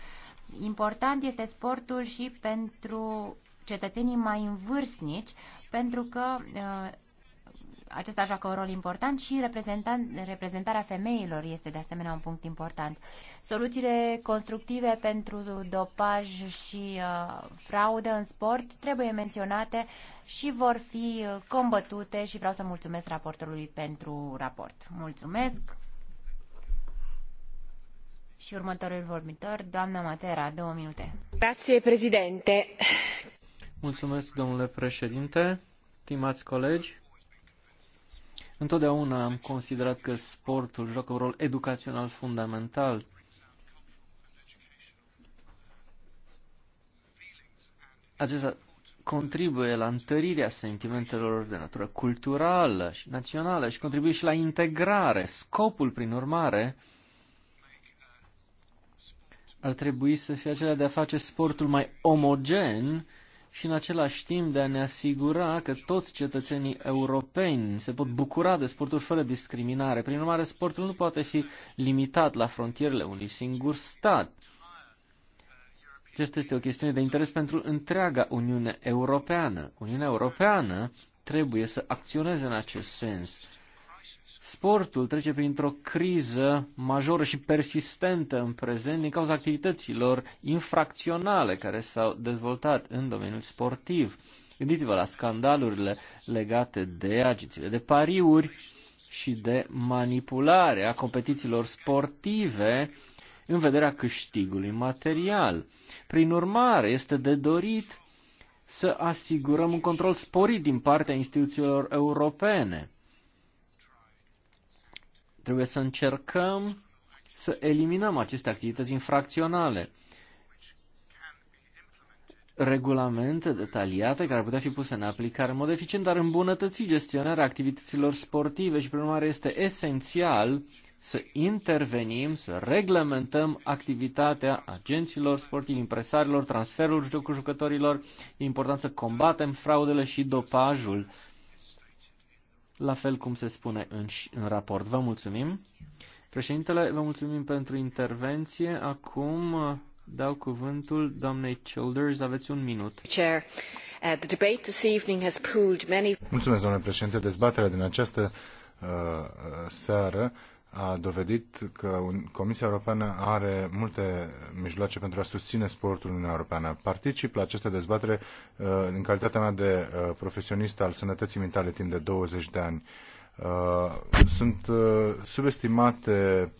Important este sportul și pentru cetățenii mai învârstnici, pentru că uh, acesta joacă un rol important și reprezentarea femeilor este de asemenea un punct important. Soluțiile constructive pentru dopaj și uh, fraudă în sport trebuie menționate și vor fi uh, combătute și vreau să mulțumesc raportorului pentru raport. Mulțumesc! Și următorul vorbitor, doamna Matera, două minute. Grație, președinte! Mulțumesc, domnule președinte, stimați colegi. Întotdeauna am considerat că sportul joacă un rol educațional fundamental. Acesta contribuie la întărirea sentimentelor de natură culturală și națională și contribuie și la integrare. Scopul, prin urmare, ar trebui să fie acela de a face sportul mai omogen și în același timp de a ne asigura că toți cetățenii europeni se pot bucura de sporturi fără discriminare. Prin urmare, sportul nu poate fi limitat la frontierele unui singur stat. Acesta este o chestiune de interes pentru întreaga Uniune Europeană. Uniunea Europeană trebuie să acționeze în acest sens Sportul trece printr-o criză majoră și persistentă în prezent din cauza activităților infracționale care s-au dezvoltat în domeniul sportiv. Gândiți-vă la scandalurile legate de agențiile de pariuri și de manipulare a competițiilor sportive în vederea câștigului material. Prin urmare, este de dorit să asigurăm un control sporit din partea instituțiilor europene. Trebuie să încercăm să eliminăm aceste activități infracționale. Regulamente detaliate care putea fi puse în aplicare în mod eficient, dar îmbunătăți gestionarea activităților sportive și, prin urmare, este esențial să intervenim, să reglementăm activitatea agenților sportivi, impresarilor, transferul jucătorilor. E important să combatem fraudele și dopajul la fel cum se spune în, în raport. Vă mulțumim. Președintele, vă mulțumim pentru intervenție. Acum uh, dau cuvântul doamnei Childers. Aveți un minut. Chair, uh, the debate this evening has pooled many... Mulțumesc, domnule președinte. Dezbaterea din această uh, uh seară a dovedit că Comisia Europeană are multe mijloace pentru a susține sportul în Europeană. Particip la această dezbatere uh, în calitatea mea de uh, profesionist al sănătății mentale timp de 20 de ani. Uh, sunt subestimate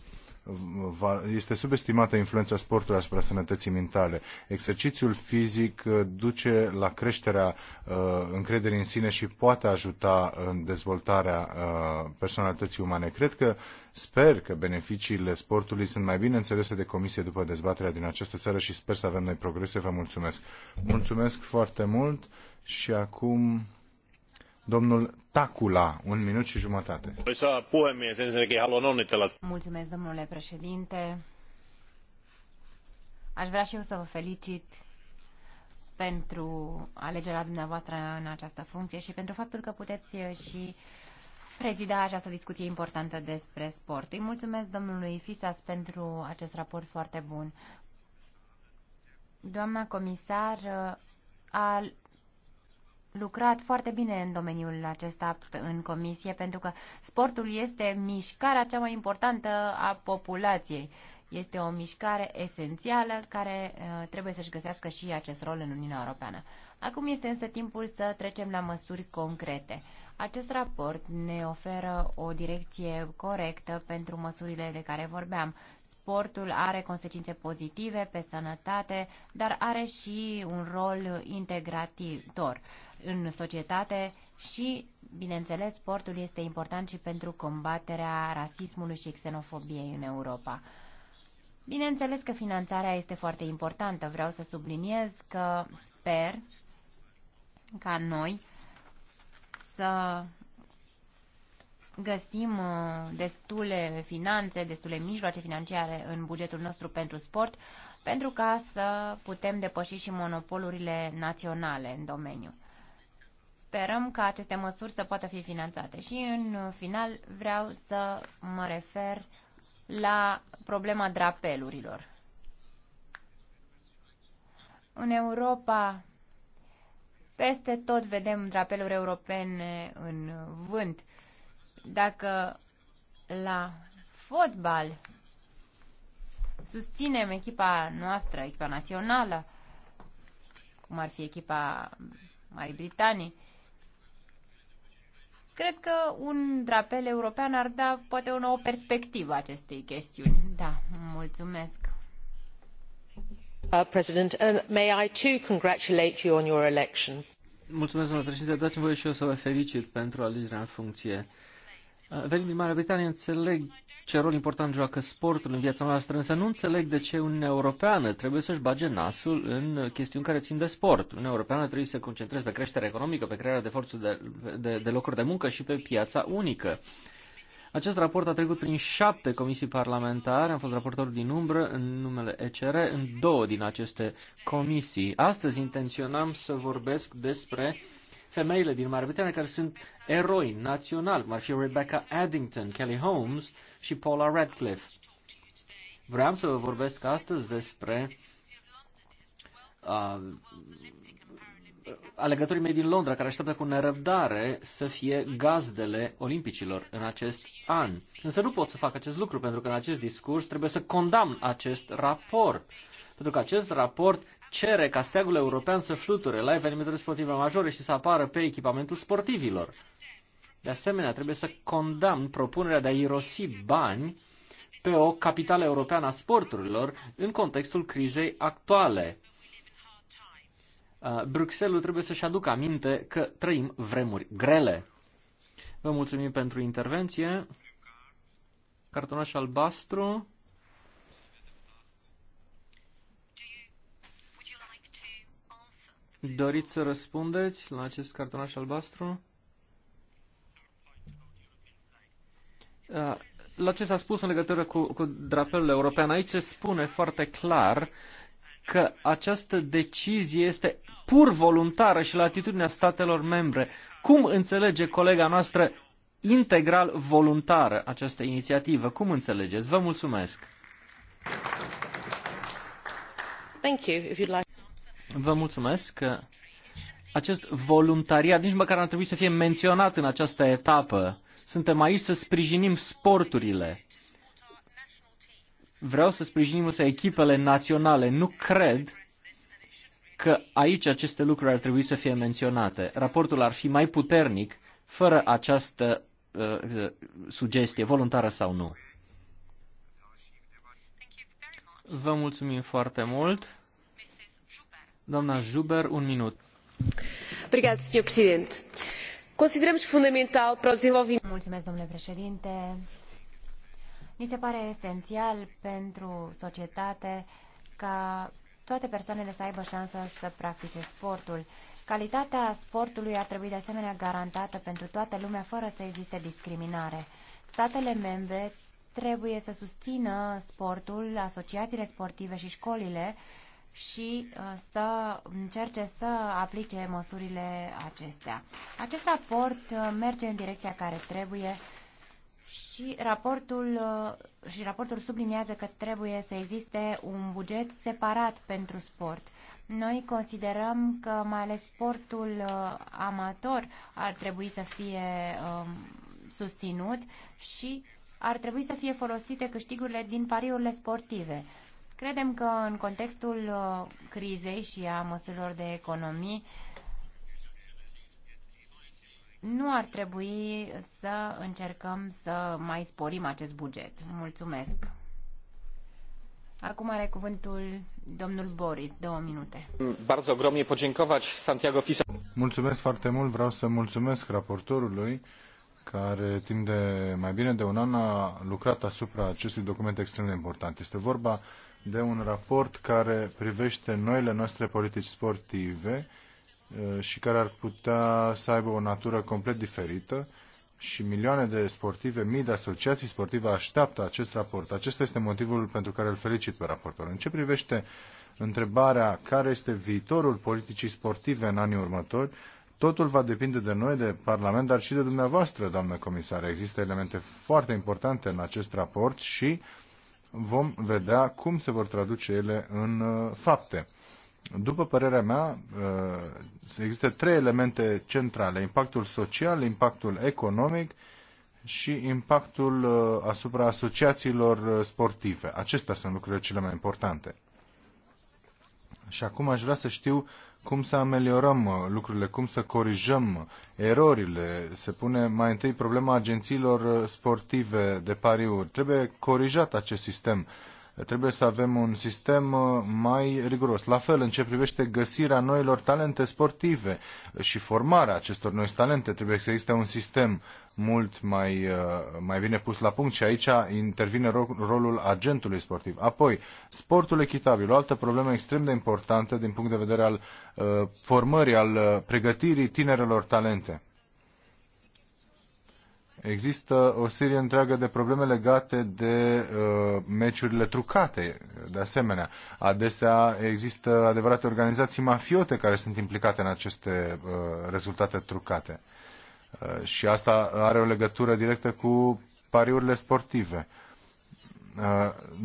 este subestimată influența sportului asupra sănătății mentale. Exercițiul fizic uh, duce la creșterea uh, încrederii în sine și poate ajuta în dezvoltarea uh, personalității umane. Cred că Sper că beneficiile sportului sunt mai bine înțelese de comisie după dezbaterea din această seară și sper să avem noi progrese. Vă mulțumesc. Mulțumesc foarte mult și acum Domnul Tacula, un minut și jumătate. Mulțumesc, domnule președinte. Aș vrea și eu să vă felicit pentru alegerea dumneavoastră în această funcție și pentru faptul că puteți și prezida această discuție importantă despre sport. Îi mulțumesc domnului Fisas pentru acest raport foarte bun. Doamna comisar a lucrat foarte bine în domeniul acesta în comisie, pentru că sportul este mișcarea cea mai importantă a populației. Este o mișcare esențială care uh, trebuie să-și găsească și acest rol în Uniunea Europeană. Acum este însă timpul să trecem la măsuri concrete. Acest raport ne oferă o direcție corectă pentru măsurile de care vorbeam. Sportul are consecințe pozitive pe sănătate, dar are și un rol integrator în societate și, bineînțeles, sportul este important și pentru combaterea rasismului și xenofobiei în Europa. Bineînțeles că finanțarea este foarte importantă. Vreau să subliniez că sper ca noi să găsim uh, destule finanțe, destule mijloace financiare în bugetul nostru pentru sport, pentru ca să putem depăși și monopolurile naționale în domeniu. Sperăm că aceste măsuri să poată fi finanțate. Și în final vreau să mă refer la problema drapelurilor. În Europa peste tot vedem drapeluri europene în vânt. Dacă la fotbal susținem echipa noastră, echipa națională, cum ar fi echipa Marii Britanii, cred că un drapel european ar da poate o nouă perspectivă acestei chestiuni. Da, mulțumesc. Mulțumesc, domnule președinte. Dați-mi voie și eu să vă felicit pentru alegerea în funcție. Uh, Venind din Marea Britanie, înțeleg ce rol important joacă sportul în viața noastră, însă nu înțeleg de ce Uniunea Europeană trebuie să-și bage nasul în chestiuni care țin de sport. Uniunea Europeană trebuie să se concentreze pe creșterea economică, pe crearea de forțe de, de, de locuri de muncă și pe piața unică. Uh, acest raport a trecut prin șapte comisii parlamentare, am fost raportor din umbră în numele ECR în două din aceste comisii. Astăzi intenționam să vorbesc despre femeile din Marea Britanie care sunt eroi naționali, cum ar fi Rebecca Addington, Kelly Holmes și Paula Radcliffe. Vreau să vă vorbesc astăzi despre uh, alegătorii mei din Londra, care așteaptă cu nerăbdare să fie gazdele olimpicilor în acest an. Însă nu pot să fac acest lucru, pentru că în acest discurs trebuie să condamn acest raport. Pentru că acest raport cere ca steagul european să fluture la evenimentele sportive majore și să apară pe echipamentul sportivilor. De asemenea, trebuie să condamn propunerea de a irosi bani pe o capitală europeană a sporturilor în contextul crizei actuale Uh, Bruxelles trebuie să-și aducă aminte că trăim vremuri grele. Vă mulțumim pentru intervenție. Cartonaș albastru. Doriți să răspundeți la acest cartonaș albastru? Uh, la ce s-a spus în legătură cu, cu drapelul european, aici se spune foarte clar că această decizie este pur voluntară și la atitudinea statelor membre. Cum înțelege colega noastră integral voluntară această inițiativă? Cum înțelegeți? Vă mulțumesc! Thank you, if you'd like. Vă mulțumesc că acest voluntariat nici măcar n-ar trebui să fie menționat în această etapă. Suntem aici să sprijinim sporturile. Vreau să sprijinim însă echipele naționale. Nu cred că aici aceste lucruri ar trebui să fie menționate. Raportul ar fi mai puternic fără această uh, uh sugestie, voluntară sau nu. Vă mulțumim foarte mult. Doamna Juber, un minut. Obrigado, Sr. Presidente. Consideramos fundamental para o desenvolvimento. Mulțumesc, domnule președinte. Ni se pare esențial pentru societate ca toate persoanele să aibă șansa să practice sportul. Calitatea sportului ar trebui de asemenea garantată pentru toată lumea fără să existe discriminare. Statele membre trebuie să susțină sportul, asociațiile sportive și școlile și uh, să încerce să aplice măsurile acestea. Acest raport uh, merge în direcția care trebuie și raportul, uh, și raportul subliniază că trebuie să existe un buget separat pentru sport. Noi considerăm că mai ales sportul uh, amator ar trebui să fie um, susținut și ar trebui să fie folosite câștigurile din pariurile sportive. Credem că în contextul uh, crizei și a măsurilor de economii, uh, nu ar trebui să încercăm să mai sporim acest buget. Mulțumesc! Acum are cuvântul domnul Boris, două minute. Bardzo ogromnie podziękować Santiago Pisa. Mulțumesc foarte mult, vreau să mulțumesc raportorului care timp de mai bine de un an a lucrat asupra acestui document extrem de important. Este vorba de un raport care privește noile noastre politici sportive Uh, și care ar putea să aibă o natură complet diferită și milioane de sportive, mii de asociații sportive așteaptă acest raport. Acesta este motivul pentru care îl felicit pe raportor. În ce privește întrebarea care este viitorul politicii sportive în anii următori, totul va depinde de noi, de Parlament, dar și de dumneavoastră, doamnă comisar. Există elemente foarte importante în acest raport și vom vedea cum se vor traduce ele în uh, fapte. După părerea mea, uh, există trei elemente centrale. Impactul social, impactul economic și impactul uh, asupra asociațiilor uh, sportive. Acestea sunt lucrurile cele mai importante. Și acum aș vrea să știu cum să ameliorăm lucrurile, cum să corijăm erorile. Se pune mai întâi problema agențiilor sportive de pariuri. Trebuie corijat acest sistem Trebuie să avem un sistem uh, mai riguros. La fel, în ce privește găsirea noilor talente sportive și formarea acestor noi talente, trebuie să existe un sistem mult mai, uh, mai bine pus la punct și aici intervine rolul agentului sportiv. Apoi, sportul echitabil, o altă problemă extrem de importantă din punct de vedere al uh, formării, al pregătirii tinerelor talente există o serie întreagă de probleme legate de uh, meciurile trucate, de asemenea. Adesea există adevărate organizații mafiote care sunt implicate în aceste uh, rezultate trucate. Uh, și asta are o legătură directă cu pariurile sportive. Uh, Uh,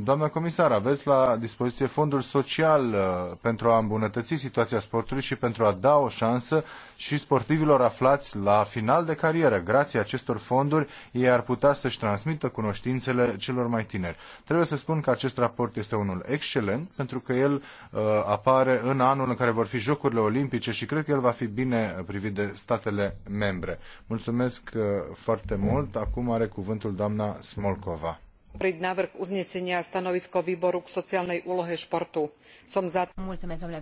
doamna comisar, aveți la dispoziție fondul social uh, pentru a îmbunătăți situația sportului și pentru a da o șansă și sportivilor aflați la final de carieră. Grație acestor fonduri, ei ar putea să-și transmită cunoștințele celor mai tineri. Trebuie să spun că acest raport este unul excelent, pentru că el uh, apare în anul în care vor fi Jocurile Olimpice și cred că el va fi bine privit de statele membre. Mulțumesc foarte mult. Acum are cuvântul doamna Smolkova návrh uznesenia a stanovisko výboru k sociálnej úlohe športu. Som za...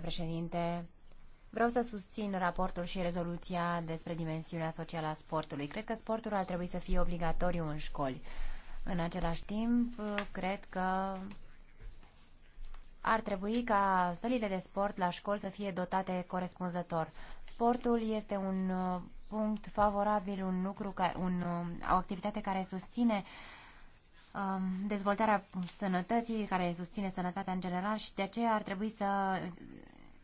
președinte. Vreau să susțin raportul și rezoluția despre dimensiunea socială a sportului. Cred că sportul ar trebui să fie obligatoriu în școli. În același timp, cred că ar trebui ca sălile de sport la școli să fie dotate corespunzător. Sportul este un uh, punct favorabil, un lucru, un, uh, o activitate care susține uh, Um, dezvoltarea sănătății, care susține sănătatea în general și de aceea ar trebui să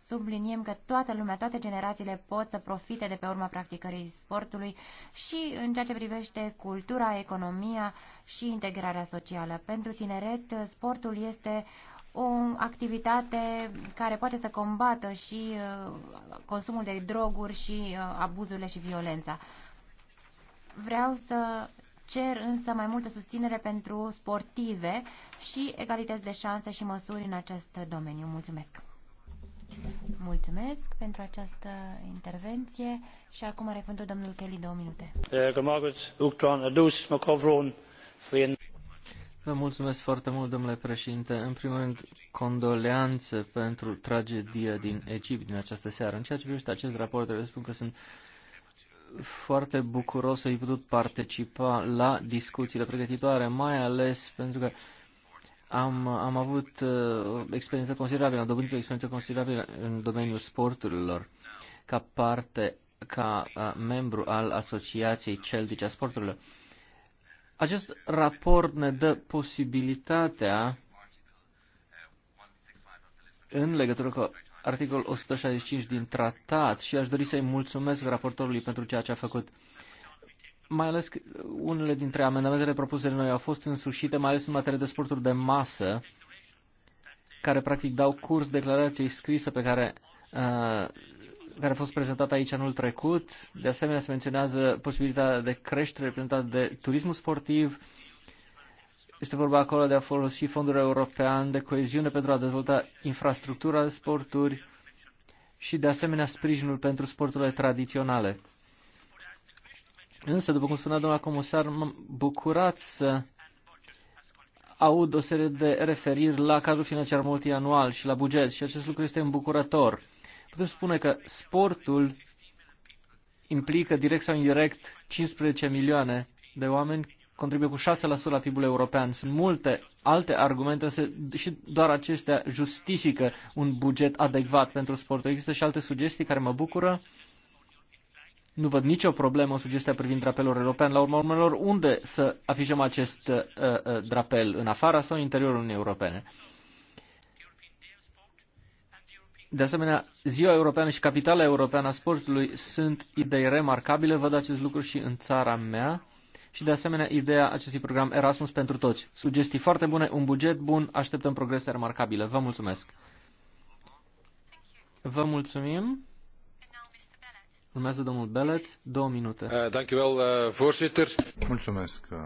subliniem că toată lumea, toate generațiile pot să profite de pe urma practicării sportului și în ceea ce privește cultura, economia și integrarea socială. Pentru tineret, sportul este o activitate care poate să combată și uh, consumul de droguri și uh, abuzurile și violența. Vreau să Cer însă mai multă susținere pentru sportive și egalități de șanse și măsuri în acest domeniu. Mulțumesc! Mulțumesc pentru această intervenție și acum are cuvântul domnul Kelly două minute. Vă mulțumesc foarte mult, domnule președinte. În primul rând, condoleanțe pentru tragedia din Egipt din această seară. În ceea ce privește acest raport, trebuie să spun că sunt foarte bucuros să fi putut participa la discuțiile pregătitoare, mai ales pentru că am, am avut uh, experiență considerabilă, am dobândit o experiență considerabilă în domeniul sporturilor, ca parte, ca uh, membru al Asociației Celtice a Sporturilor. Acest raport ne dă posibilitatea, în legătură cu articolul 165 din tratat și aș dori să-i mulțumesc raportorului pentru ceea ce a făcut. Mai ales că unele dintre amendamentele propuse de noi au fost însușite, mai ales în materie de sporturi de masă, care practic dau curs declarației scrisă pe care, uh, care a fost prezentată aici anul trecut. De asemenea, se menționează posibilitatea de creștere reprezentată de turismul sportiv, uh, este vorba acolo de a folosi fondurile european de coeziune pentru a dezvolta infrastructura de sporturi și, de asemenea, sprijinul pentru sporturile tradiționale. Însă, după cum spunea doamna comisar, mă bucurat să aud o serie de referiri la cadrul financiar multianual și la buget și acest lucru este îmbucurător. Putem spune că sportul implică direct sau indirect 15 milioane de oameni contribuie cu 6% la PIB-ul european. Sunt multe alte argumente, însă și doar acestea justifică un buget adecvat pentru sport. Există și alte sugestii care mă bucură. Nu văd nicio problemă în sugestia privind drapelul european. La urma urmelor, unde să afișăm acest uh, uh, drapel? În afara sau în interiorul Uniunii Europene? De asemenea, Ziua Europeană și Capitala Europeană a Sportului sunt idei remarcabile. Văd acest lucru și în țara mea și de asemenea ideea acestui program Erasmus pentru toți. Sugestii foarte bune, un buget bun, așteptăm progrese remarcabile. Vă mulțumesc! Vă mulțumim! Urmează domnul Bellet, două minute. Eh, eh, mulțumesc, eh,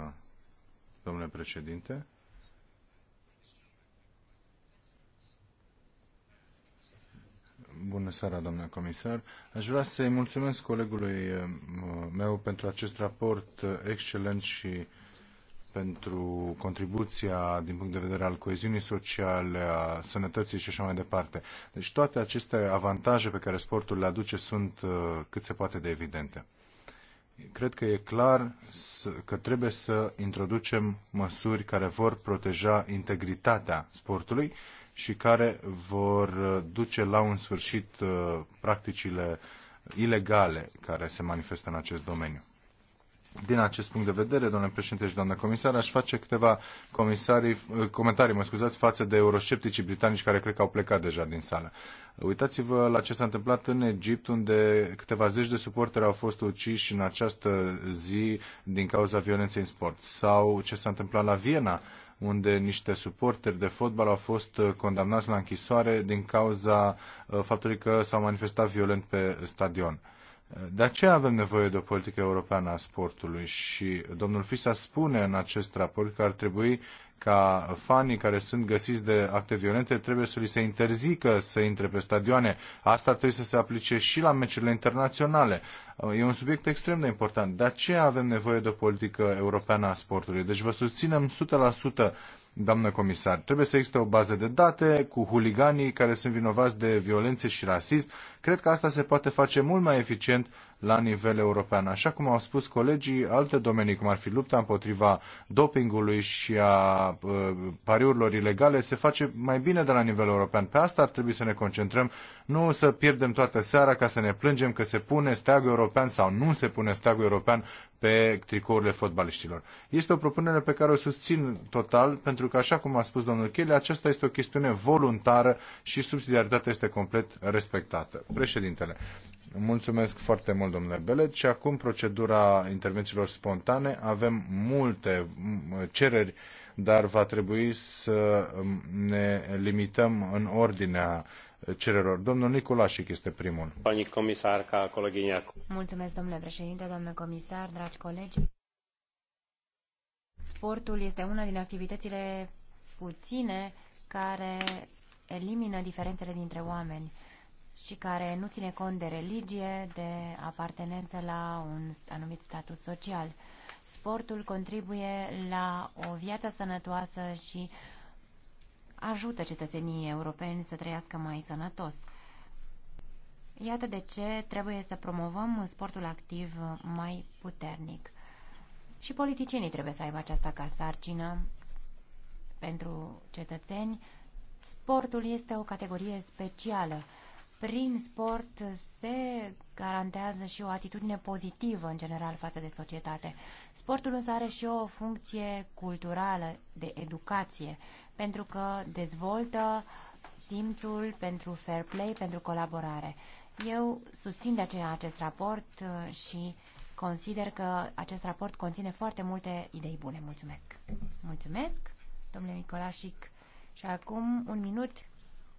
domnule președinte. Bună seara, doamnă comisar. Aș vrea să-i mulțumesc colegului eh, meu pentru acest raport eh, excelent și pentru contribuția din punct de vedere al coeziunii sociale, a sănătății și așa mai departe. Deci toate aceste avantaje pe care sportul le aduce sunt eh, cât se poate de evidente. Cred că e clar că trebuie să introducem măsuri care vor proteja integritatea sportului și care vor uh, duce la un sfârșit uh, practicile ilegale care se manifestă în acest domeniu. Din acest punct de vedere, domnule președinte și doamnă comisar, aș face câteva comisarii, uh, comentarii mă scuzați, față de euroscepticii britanici care cred că au plecat deja din sală. Uitați-vă la ce s-a întâmplat în Egipt, unde câteva zeci de suporteri au fost uciși în această zi din cauza violenței în sport. Sau ce s-a întâmplat la Viena, unde niște suporteri de fotbal au fost uh, condamnați la închisoare din cauza uh, faptului că s-au manifestat violent pe stadion. Uh, de aceea avem nevoie de o politică europeană a sportului și domnul Fisa spune în acest raport că ar trebui ca fanii care sunt găsiți de acte violente trebuie să li se interzică să intre pe stadioane. Asta trebuie să se aplice și la meciurile internaționale. E un subiect extrem de important. De aceea avem nevoie de o politică europeană a sportului. Deci vă susținem 100% doamnă comisar. Trebuie să existe o bază de date cu huliganii care sunt vinovați de violențe și rasism. Cred că asta se poate face mult mai eficient la nivel european. Așa cum au spus colegii, alte domenii, cum ar fi lupta împotriva dopingului și a uh, pariurilor ilegale, se face mai bine de la nivel european. Pe asta ar trebui să ne concentrăm, nu să pierdem toată seara ca să ne plângem că se pune steagul european sau nu se pune steagul european pe tricourile fotbaliștilor. Este o propunere pe care o susțin total, pentru că, așa cum a spus domnul Chele, aceasta este o chestiune voluntară și subsidiaritatea este complet respectată. Președintele, Mulțumesc foarte mult, domnule Belet. Și acum procedura intervențiilor spontane. Avem multe cereri, dar va trebui să ne limităm în ordinea cererilor. Domnul Niculașic este primul. Pani comisar, ca colegii Mulțumesc, domnule președinte, domnule comisar, dragi colegi. Sportul este una din activitățile puține care elimină diferențele dintre oameni și care nu ține cont de religie, de apartenență la un anumit statut social. Sportul contribuie la o viață sănătoasă și ajută cetățenii europeni să trăiască mai sănătos. Iată de ce trebuie să promovăm sportul activ mai puternic. Și politicienii trebuie să aibă aceasta ca sarcină pentru cetățeni. Sportul este o categorie specială prin sport se garantează și o atitudine pozitivă în general față de societate. Sportul însă are și o funcție culturală de educație, pentru că dezvoltă simțul pentru fair play, pentru colaborare. Eu susțin de aceea acest raport uh, și consider că acest raport conține foarte multe idei bune. Mulțumesc! Mulțumesc, domnule Nicolașic! Și acum un minut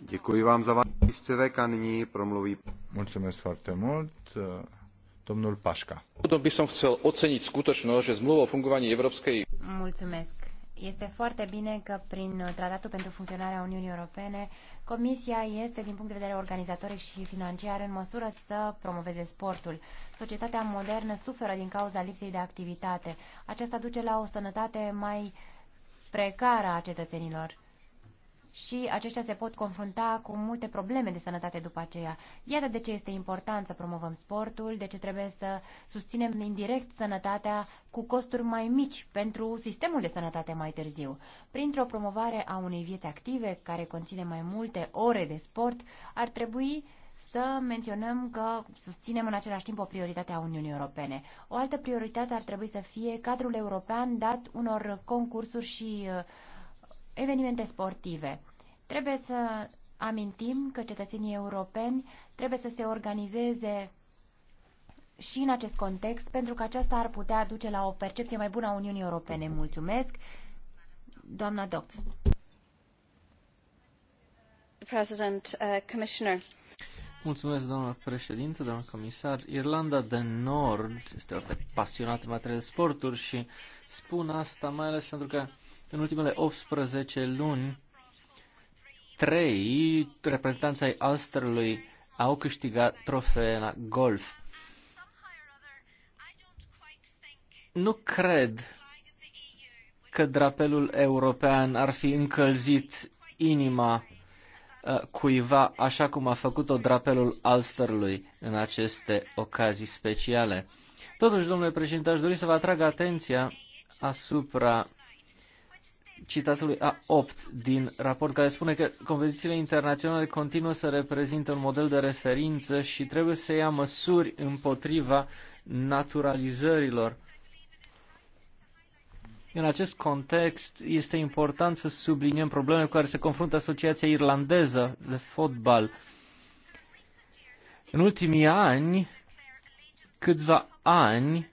Děkuji vám za váš příspěvek a nyní promluví. Mulțumesc foarte mult. Domnul Pașca. By som chcel oceniť skutočnosť, že zmluva o fungovaní Európskej... Mulțumesc. Este foarte bine că prin Tratatul pentru Funcționarea Uniunii Europene, Comisia este, din punct de vedere organizatoric și financiar, în măsură să promoveze sportul. Societatea modernă suferă din cauza lipsei de activitate. Aceasta duce la o sănătate mai precară a cetățenilor și aceștia se pot confrunta cu multe probleme de sănătate după aceea. Iată de ce este important să promovăm sportul, de ce trebuie să susținem indirect sănătatea cu costuri mai mici pentru sistemul de sănătate mai târziu. Printr-o promovare a unei vieți active care conține mai multe ore de sport, ar trebui să menționăm că susținem în același timp o prioritate a Uniunii Europene. O altă prioritate ar trebui să fie cadrul european dat unor concursuri și uh, evenimente sportive. Trebuie să amintim că cetățenii europeni trebuie să se organizeze și în acest context, pentru că aceasta ar putea duce la o percepție mai bună a Uniunii Europene. Mulțumesc, doamna Dox. President, uh, Commissioner. Mulțumesc, doamna președinte, doamna comisar. Irlanda de Nord este foarte pasionată în materie de sporturi și spun asta mai ales pentru că în ultimele 18 luni, trei reprezentanți ai Ulsterului au câștigat trofee la golf. Nu cred că drapelul european ar fi încălzit inima uh, cuiva așa cum a făcut-o drapelul Alsterului în aceste ocazii speciale. Totuși, domnule președinte, aș dori să vă atrag atenția asupra citatului A8 din raport, care spune că competițiile internaționale continuă să reprezintă un model de referință și trebuie să ia măsuri împotriva naturalizărilor. În acest context, este important să subliniem problemele cu care se confruntă Asociația Irlandeză de Fotbal. În ultimii ani, câțiva ani,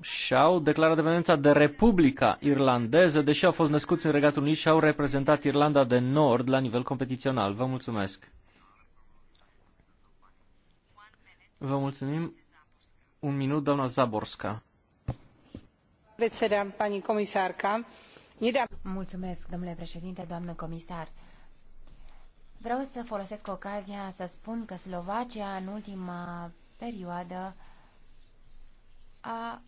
și-au declarat dependența de Republica Irlandeză, deși au fost născuți în Regatul Unit și au reprezentat Irlanda de Nord la nivel competițional. Vă mulțumesc! Vă mulțumim. Un minut, doamna Zaborska. Mulțumesc, domnule președinte, doamnă comisar. Vreau să folosesc ocazia să spun că Slovacia în ultima perioadă a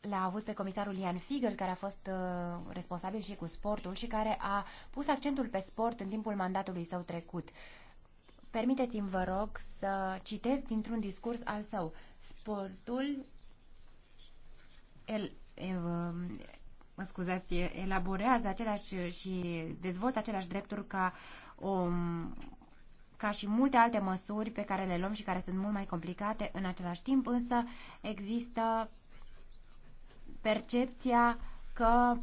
l-a avut pe comisarul Ian Figel, care a fost uh, responsabil și cu sportul și care a pus accentul pe sport în timpul mandatului său trecut. Permiteți-mi, vă rog, să citez dintr-un discurs al său. Sportul el, el, mă scuzați, elaborează aceleași și dezvoltă aceleași drepturi ca o, um, ca și multe alte măsuri pe care le luăm și care sunt mult mai complicate. În același timp, însă, există percepția că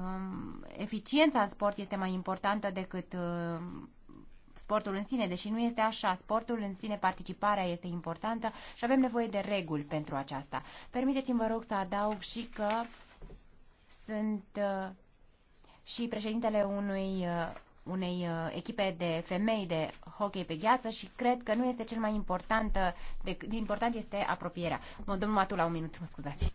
um, eficiența în sport este mai importantă decât uh, sportul în sine, deși nu este așa. Sportul în sine, participarea este importantă și avem nevoie de reguli pentru aceasta. Permiteți-mi, vă rog, să adaug și că sunt uh, și președintele unui uh, unei uh, echipe de femei de hockey pe gheață și cred că nu este cel mai important, de, important este apropierea. Domnul Matula, un minut, mă scuzați.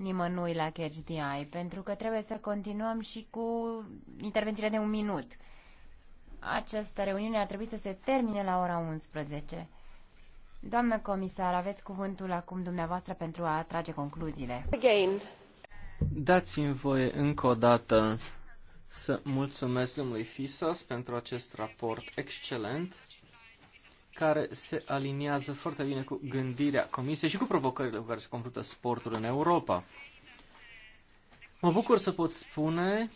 nimănui la Catch the Eye, pentru că trebuie să continuăm și cu intervențiile de un minut. Această reuniune ar trebui să se termine la ora 11. Doamnă comisar, aveți cuvântul acum dumneavoastră pentru a trage concluziile. Again. Dați-mi voie încă o dată să mulțumesc domnului Fisas pentru acest raport excelent care se aliniază foarte bine cu gândirea Comisiei și cu provocările cu care se confruntă sportul în Europa. Mă bucur să pot spune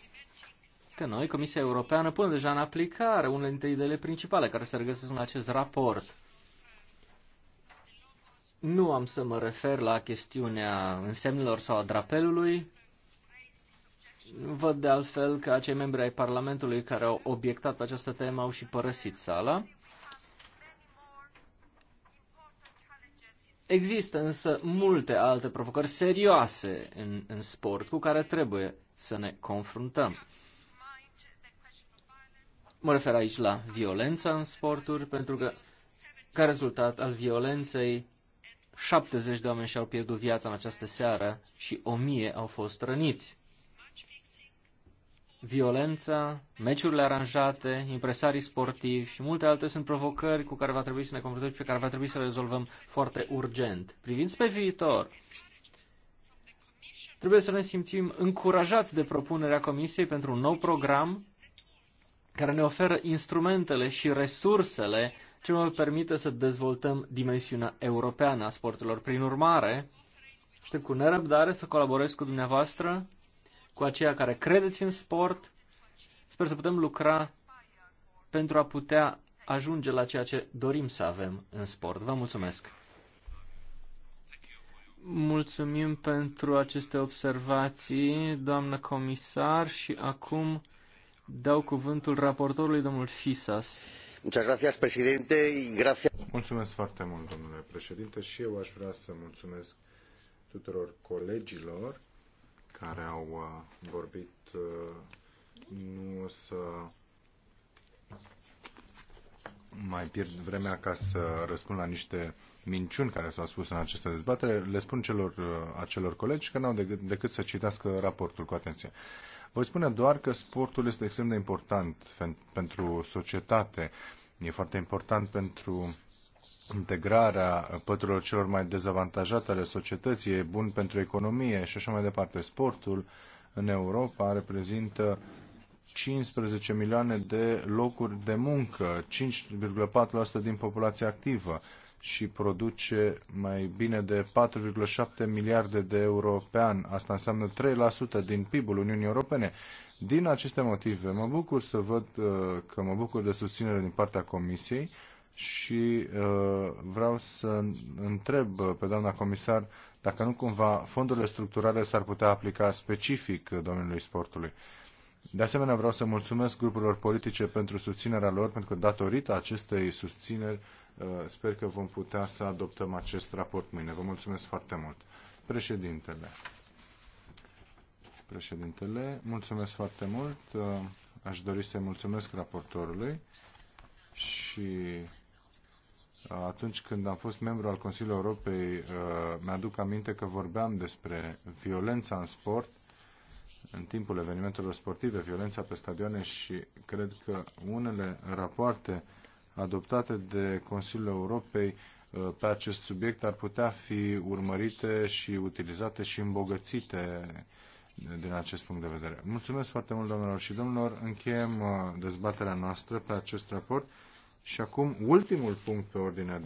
că noi, Comisia Europeană, punem deja în aplicare unele dintre ideile principale care se regăsesc în acest raport. Nu am să mă refer la chestiunea însemnelor sau a drapelului. Văd de altfel că acei membri ai Parlamentului care au obiectat pe această temă au și părăsit sala. Există însă multe alte provocări serioase în, în sport cu care trebuie să ne confruntăm. Mă refer aici la violența în sporturi, pentru că ca rezultat al violenței 70 de oameni și-au pierdut viața în această seară și 1000 au fost răniți violența, meciurile aranjate, impresarii sportivi și multe alte sunt provocări cu care va trebui să ne confruntăm și pe care va trebui să le rezolvăm foarte urgent. Privind spre viitor, trebuie să ne simțim încurajați de propunerea Comisiei pentru un nou program care ne oferă instrumentele și resursele ce ne permite să dezvoltăm dimensiunea europeană a sporturilor. Prin urmare, aștept cu nerăbdare să colaborez cu dumneavoastră cu aceia care credeți în sport. Sper să putem lucra pentru a putea ajunge la ceea ce dorim să avem în sport. Vă mulțumesc! Mulțumim pentru aceste observații, doamnă comisar, și acum dau cuvântul raportorului, domnul Fisas. Mulțumesc foarte mult, domnule președinte, și eu aș vrea să mulțumesc tuturor colegilor care au uh, vorbit uh, nu o să mai pierd vremea ca să răspund la niște minciuni care s-au spus în această dezbatere. Le spun celor, uh, acelor colegi că n-au decât, decât să citească raportul cu atenție. Voi spune doar că sportul este extrem de important pentru societate, e foarte important pentru integrarea păturilor celor mai dezavantajate ale societății, e bun pentru economie și așa mai departe. Sportul în Europa reprezintă 15 milioane de locuri de muncă, 5,4% din populația activă și produce mai bine de 4,7 miliarde de euro pe an. Asta înseamnă 3% din PIB-ul Uniunii Europene. Din aceste motive, mă bucur să văd uh, că mă bucur de susținere din partea Comisiei și uh, vreau să întreb uh, pe doamna comisar dacă nu cumva fondurile structurale s-ar putea aplica specific uh, domeniului sportului. De asemenea, vreau să mulțumesc grupurilor politice pentru susținerea lor, pentru că datorită acestei susțineri sper că vom putea să adoptăm acest raport mâine. Vă mulțumesc foarte mult. Președintele. Președintele, mulțumesc foarte mult. aș dori să-i mulțumesc raportorului și atunci când am fost membru al Consiliului Europei, uh, mi-aduc aminte că vorbeam despre violența în sport, în timpul evenimentelor sportive, violența pe stadioane și cred că unele rapoarte adoptate de Consiliul Europei uh, pe acest subiect ar putea fi urmărite și utilizate și îmbogățite din acest punct de vedere. Mulțumesc foarte mult, domnilor și domnilor. Încheiem uh, dezbaterea noastră pe acest raport. Și acum, ultimul punct pe ordinea de